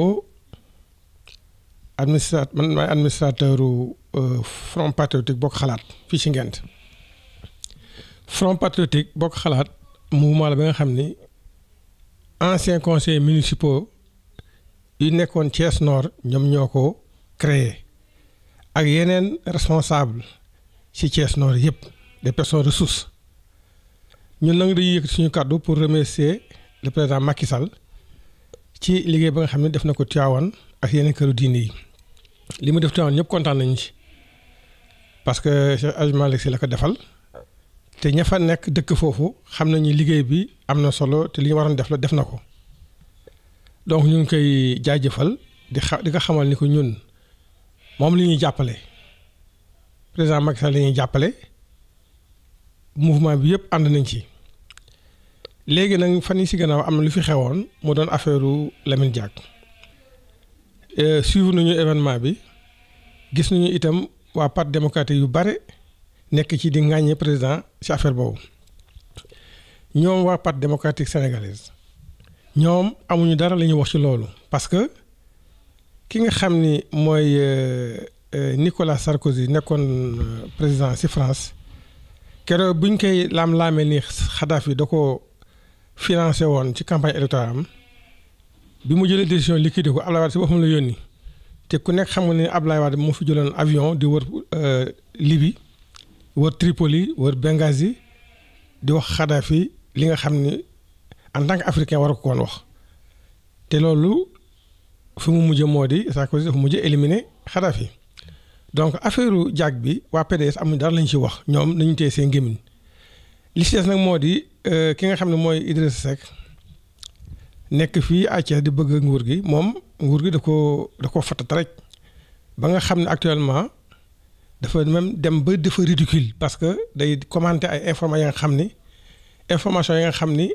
impôt administrate man maay administrateur euh, front patriotique bokk xalaat fii ci Ngent front patriotique bokk xalaat mouvement la bi nga xam ni anciens conseillers municipaux yu nekkoon Thiès noor ñoom ñoo ko créer ak yeneen responsable ci Thiès noor yëpp de personnes ressources ñun nag dañuy yëkkati suñu kàddu pour remercier le président Macky Sall ci liggéey bi nga xam ne def na ko Tivaouane ak yenn këru diine yi li mu def Tivaouane ñëpp kontaan nañu ci parce que Cheikh Hadj Malick Sy la ko defal te ña fa nekk dëkk foofu xam nañu liggéey bi am na solo te li ñu waroon def la def na ko donc ñu ngi koy jaajëfal di xa di ko xamal ni ko ñun moom li ñuy jàppale président Macky lañuy jàppale mouvement bi yëpp ànd nañ ci. léegi nag fan yi si gannaaw am na lu fi xewoon mu doon affaire Lamine Diack euh, suivre nañu événement bi gis nañu itam waa part démocratique yu bare nekk ci di ŋàññee président si affaire boobu ñoom waa part démocratique sénégalaise ñoom amuñu dara la wax ci loolu parce que ki nga xam ni mooy euh, euh, Nicolas Sarkozy nekkoon président si France keroog buñ koy laam-laamee ni Xadafi da ko financé woon ci campagne électorale am bi mu jëlee décision liquide ko Ablaye Wade si boppam la yónni te ku nekk xam nga ne Ablaye Wade moo fi jëloon avion di wër euh, Libye wër Tripoli wër Benghazi di wax Kadhafi li nga xam ni en tant africain war ko woon wax te loolu fi mu mujj moo di Sarkozy dafa mujj éliminer Kadhafi donc affaireu jaag bi waa PDS amuñu daal lañ ci wax ñoom nañu tey seen gémmiñ li nag moo di Euh, ki nga xam ne mooy Idrissa Seck nekk fii à di bëgg nguur gi moom nguur gi da ko da koo fatat rek ba nga xam ne actuellement dafa même dem ba dafa ridicule parce que day commenter ay informations xam ni information yi nga xam ni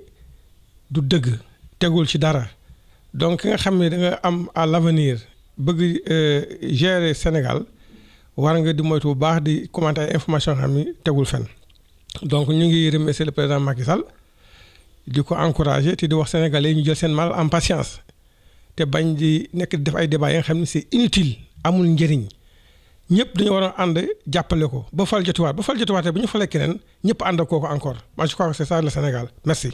du dëgg tegul ci dara donc ki nga xam ne da nga am à l'avenir bëgg euh, gérer Sénégal war nga di moytu bu baax di commenter ay information yoo xam ni tegul fen donc ñu ngi remercier le président Macky di ko encourager te di wax sénégal yi ñu jël seen mal en patience te bañ di nekk def ay débats yi xam ne c'est inutile amul njëriñ ñëpp dañu war a ànd jàppale ko ba fal jotuwaat ba fal jotuwaatee bu ñu falee keneen ñëpp ànd ak kooku encore moi je crois Sénégal merci.